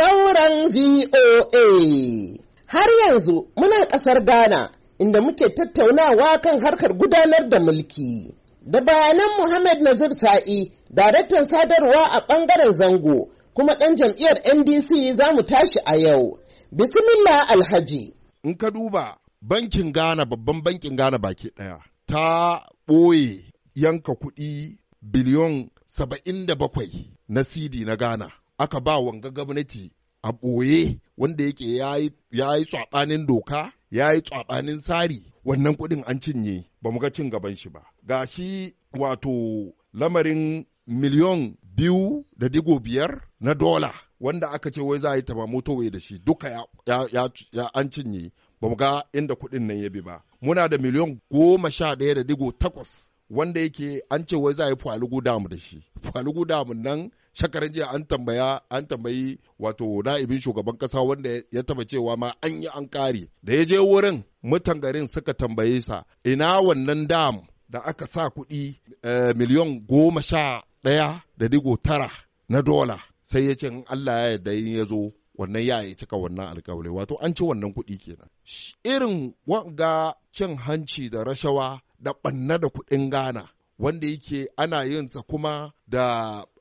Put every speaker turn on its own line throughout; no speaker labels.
Sauran VOA. Har yanzu muna ƙasar Ghana inda muke tattaunawa kan harkar gudanar da mulki. Da bayanan Muhammad Nazir Sa'i, daraktan sadarwa a ɓangaren zango, kuma ɗan jam'iyyar NDC za mu tashi a yau. Bismillah Alhaji. In ka duba
bankin Ghana babban bankin Ghana baki ɗaya ta ɓoye yanka kuɗi biliyon saba'in da bakwai na CD na Ghana aka ba wanga gwamnati a ɓoye wanda yake ya yi tsabanin doka ya yi tsabanin tsari wannan kuɗin an cinye ba mu ga cin gaban shi ba ga shi wato lamarin miliyon biyu da digo biyar na dola wanda aka ce wai za a yi taba motowe da shi duka an cinye ba mu ga inda kuɗin nan ya bi ba muna da miliyon goma sha ɗaya da digo takwas wanda yake an ce wai za a yi falugu damu da shi falugu dam nan shakaran jiya an tambaya an tambayi wato na'ibin shugaban kasa wanda ya taba cewa ma an yi an kare da ya je wurin mutan garin suka tambaye sa ina wannan dam da aka sa kuɗi eh, miliyon goma sha ɗaya da digo tara na dola sai ya ce in Allah ya yarda in ya zo wannan ya yi cika wannan alkawari wato an ci wannan kuɗi kenan irin wanga cin hanci da rashawa da ɓanna da kuɗin gana, wanda yake ana yin sa kuma da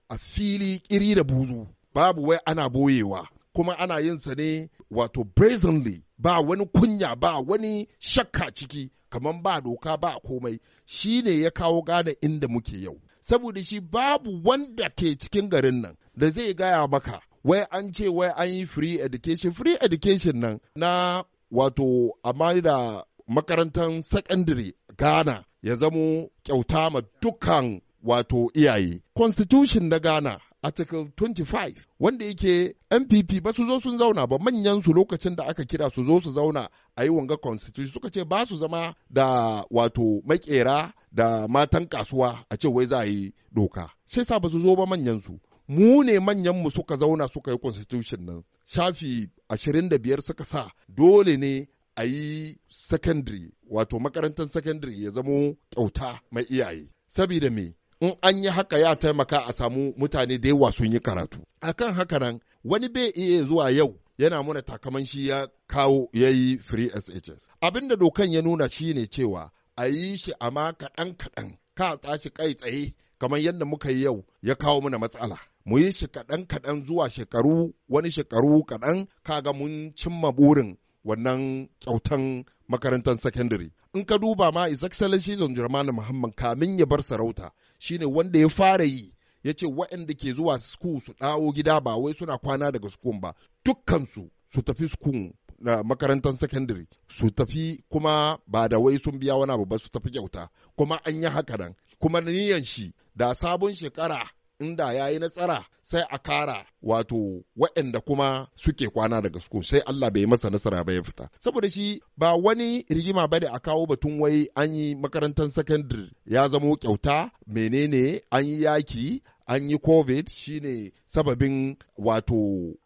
a fili ƙiri da buzu babu wai ana boyewa kuma ana yin sa ne wato brazenly ba wani kunya ba wani shakka ciki kamar ba doka ba komai shi ne ya kawo gane inda muke yau saboda shi babu wanda ke cikin garin nan da zai gaya maka wai an ce wai an yi free education free education nan na wato amma da makarantar secondary Ghana ya zamo kyauta ma dukkan wato iyaye. Constitution na Ghana Article 25 wanda yake MPP ba su zo sun zauna ba manyan su lokacin da aka kira su zo su zauna a yi wanga constitution suka ce ba su zama da wato makera da matan kasuwa a ce wai za a yi doka. Sai sa ba su zo ba manyan su. mu ne manyan mu suka zauna suka yi constitution nan shafi 25 suka sa dole ne a yi secondary wato makarantar secondary ya zamo kyauta mai iyaye saboda me in an yi haka ya taimaka a samu mutane da yawa sun yi karatu akan haka nan wani bai iya zuwa yau yana muna takaman shi ya kawo ya yi free shs abinda dokan ya nuna shi ne cewa a yi shi amma kaɗan kaɗan ka tsashi kai tsaye kamar yadda muka yi yau ya kawo mana matsala mu yi shi kaɗan kaɗan zuwa shekaru wani shekaru kaɗan kaga mun cimma burin wannan kyautan makarantar sakandare in ka duba ma is excellency zon jirmani muhammad kamin ya bar sarauta shine wanda ya fara yi ya ce waɗanda ke zuwa school su dawo gida ba wai suna kwana daga school ba dukkansu su tafi school na makarantar sakandare su tafi kuma ba da wai sun biya wani abu ba su tafi kyauta kuma an yi haka nan kuma niyan shi da sabon shekara inda ya yi nasara sai a kara wato waɗanda kuma suke kwana daga su sai Allah bai masa nasara ba ya fita saboda shi ba wani rigima bane a kawo batun wai an yi makarantar secondary ya zamo kyauta menene an yi yaki an yi covid shine sababin wato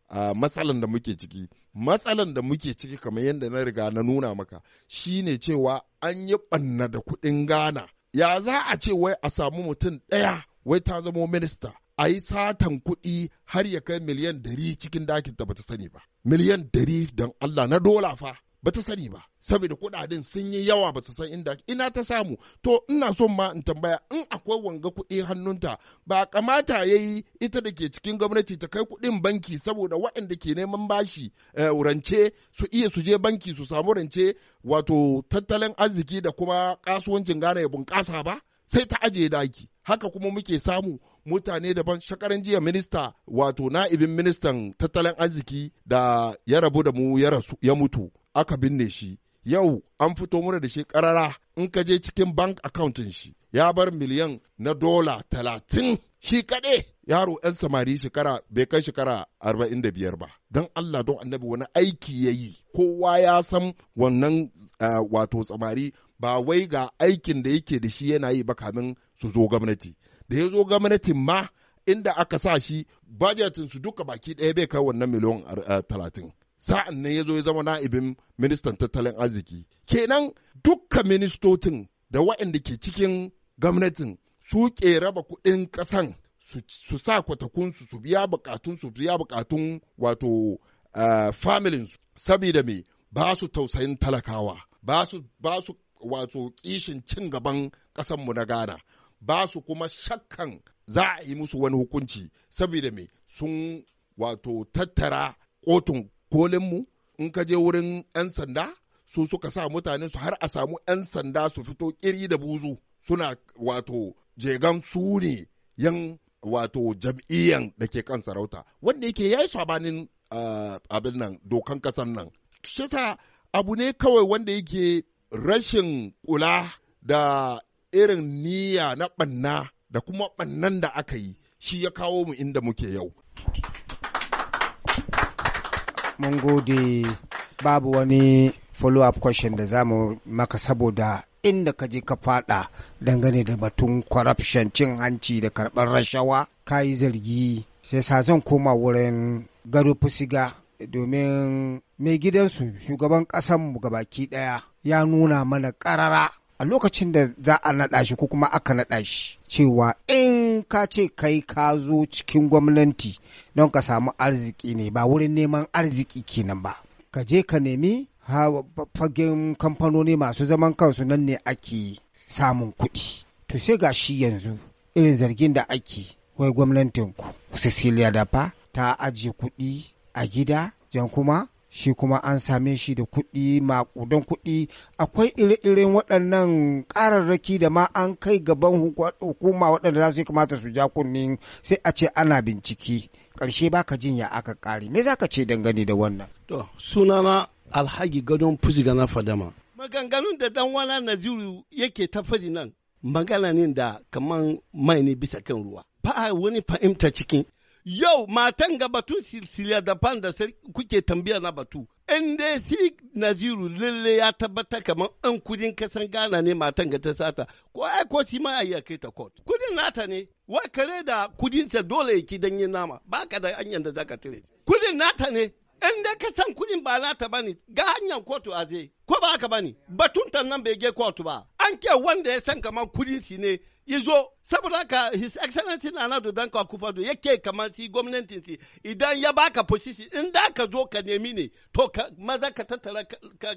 uh, matsalan da muke ciki matsalan da muke ciki kamar yadda na riga na nuna maka shine cewa an yi ɓanna da kuɗin gana ya za a ce wai a samu mutum ɗaya wai ta zamo minista a yi satan kuɗi har ya kai miliyan dari cikin dakin ta bata sani ba miliyan dari don Allah na dola fa bata sani ba saboda kuɗaɗen sun yi yawa bata san inda ina ta samu to ina son ma in tambaya in akwai wanga kuɗi hannunta ba kamata ya yi ita da ke cikin gwamnati ta kai kuɗin banki saboda waɗanda ke neman bashi eh, rance su iya su je banki su samu rance wato tattalin arziki da kuma kasuwancin gane ya bunƙasa ba sai ta ajiye daki haka kuma muke samu mutane daban shakaran jiya minista wato na'ibin ministan tattalin arziki da ya rabu da mu ya mutu aka binne shi yau an fito mura da shekarara in ka je cikin bank accountin shi ya bar miliyan na dola talatin shi kaɗai yaro 'yan samari shekara bai kai shekara arba'in da biyar ba don Allah don annabi wani aiki ya yi kowa ya san wannan wato samari ba wai ga aikin da yake da shi yana yi ba kamin su zo gwamnati da ya zo gwamnatin ma inda aka sa shi bajetin su duka baki ɗaya bai kai wannan miliyan talatin sa'an nan ya zo ya zama na'ibin ministan tattalin arziki kenan duka ministocin da waɗanda ke cikin gwamnatin su ke raba kuɗin ƙasan su sa kwatakunsu su biya bukatun su biya bukatun wato eh, familin su saboda me ba su tausayin talakawa ba su ba su wato kishin cin gaban mu na Ghana ba su kuma shakkan za a yi musu wani hukunci saboda me sun wato tattara kotun kolinmu in ka je wurin 'yan sanda su suka sa mutane su har a samu 'yan sanda su fito kiri da buzu suna wato jegan su ne yan wato jam'iyyan da ke kan sarauta wanda yake ya yi sabanin abin nan dokan kasar nan shi abu ne kawai wanda yake rashin kula da irin niyya na ɓanna da kuma ɓannan da aka yi shi ya kawo mu inda muke yau
mun gode babu wani follow-up question da za mu maka saboda inda ka je ka fada dangane da batun corruption cin hanci da karɓar rashawa ka yi zargi sai sa zan koma wurin gado fusiga domin mai gidansu shugaban ƙasanmu baki ɗaya ya nuna mana ƙarara a lokacin da za a naɗa shi ko kuma aka naɗa shi cewa in ka ce kai ka zo cikin gwamnati don ka samu arziki ne ba wurin neman arziki kenan ba ka je ka nemi fagen kamfanoni masu zaman kansu nan ne ake samun kuɗi to sai ga shi yanzu irin zargin da ake wai gwamnatinku cecilia fa ta ajiye kuɗi a gida jan kuma shi kuma an same shi da kuɗi maƙudan kuɗi akwai ire-iren waɗannan ƙararraki da ma an kai gaban hukuma waɗanda za su kamata su ja kunnin sai a ce ana bincike ƙarshe baka jin ya aka ƙare me za ka ce dangane da wannan to sunana alhaji gadon fuziga na fadama
maganganun da dan naziru yake ta fadi nan magana ne da kaman mai ne bisa kan ruwa ba wani fahimta cikin yau matan ga batu silsila daban da kuke tambaya na batu in dai si naziru lalle ya tabbata kamar an kudin kasan gana ne matan ga ta sata ko ai ko si ma a kai ta court kudin nata ne wa kare da kudin sa dole yake danyen nama baka da hanyar da zaka tare kudin nata ne in dai ka san kudin ba nata bane ga hanyar kotu a je ko ba haka bane batun nan bai ge kotu ba an ce wanda ya san kamar kudin si ne ya zo saboda ka his excellency na do dan akufado yake kamar si gwamnatin si idan ya baka position in da ka zo ka nemi ne to maza ka tattara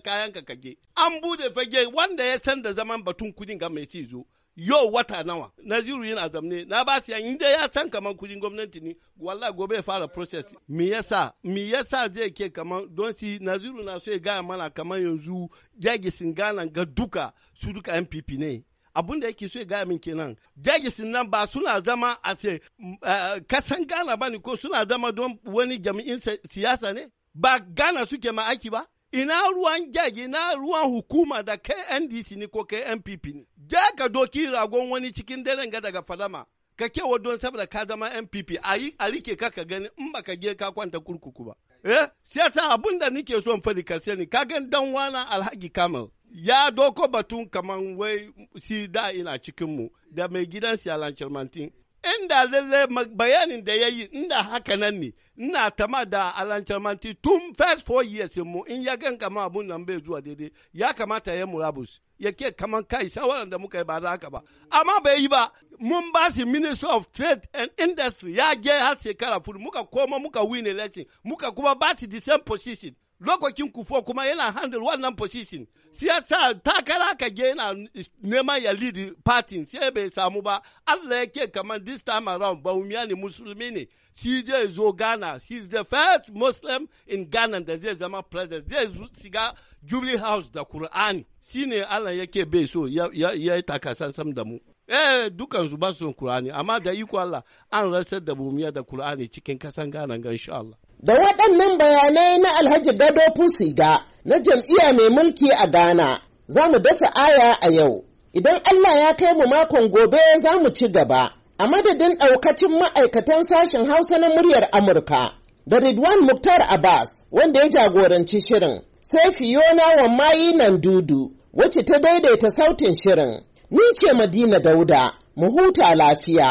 kayan ka kage an bude fage wanda ya san da zaman batun kudin ga mai ci zo yau wata nawa naziru yana zamne na ba su yan ya san kaman kujin gwamnati ne wallahi gobe ya fara process me yasa me yasa zai ke kaman don si naziru na so ya gaya mana kaman yanzu jagisin gana ga duka su duka npp ne abun da yake so ya gaya min kenan jagisin nan ba suna zama a ce eh, kasan gana ba ne ko suna zama don wani jami'in siyasa ne ba gana suke ma aiki ba ina ruwan jage na ruwan hukuma da kai ndc ne ko kmpp. ne ja ka doki ragon wani cikin daren ga daga fadama ka wa don saboda ka zama MPP a rike ka ka gani in ka je ka kwanta kurkuku ba eh sai sa abun da nake so in fadi karshe ne ka gan dan wana Alhaji Kamal ya doko batun kaman wai si da ina cikin mu da mai gidan Sialan Charmantin inda lalle bayanin da ya yi inda haka nan ne ina tama da alancarmanti tun first four years mu in ya gan kama abun nan bai zuwa daidai ya kamata ya murabus ya ke kaman kai shawaran da muka yi ba za haka ba amma bai yi ba mun ba shi ministry of trade and industry ya je har shekara fudu muka koma muka win election muka kuma ba shi the same position lokacin kufo kuma yana handle wannan position sai yasa takara ka ge yana neman ya lead party sai bai samu ba Allah yake kamar this time around baumiya ne musulmi ne shi zai zo Ghana he is the first muslim in Ghana da zai zama president zai shiga Jubilee House da Qur'ani shine Allah yake bai so ya ya, ya, ya takasan sam da mu eh su ba su Al-Qur'ani. amma da iko Allah an rasar da bumiya da Al-Qur'ani cikin kasan Ghana ga insha
Allah da waɗannan bayanai na Alhaji Gado Fusiga na jam'iyya mai mulki a Ghana za mu dasa aya a yau idan Allah ya kai mu makon gobe za mu ci gaba a madadin ɗaukacin ma'aikatan sashen Hausa na muryar Amurka da Ridwan Muktar Abbas wanda ya jagoranci shirin sai Fiona Mayinan Dudu, wacce ta daidaita sautin shirin Ni ce Madina Dauda, mu huta lafiya.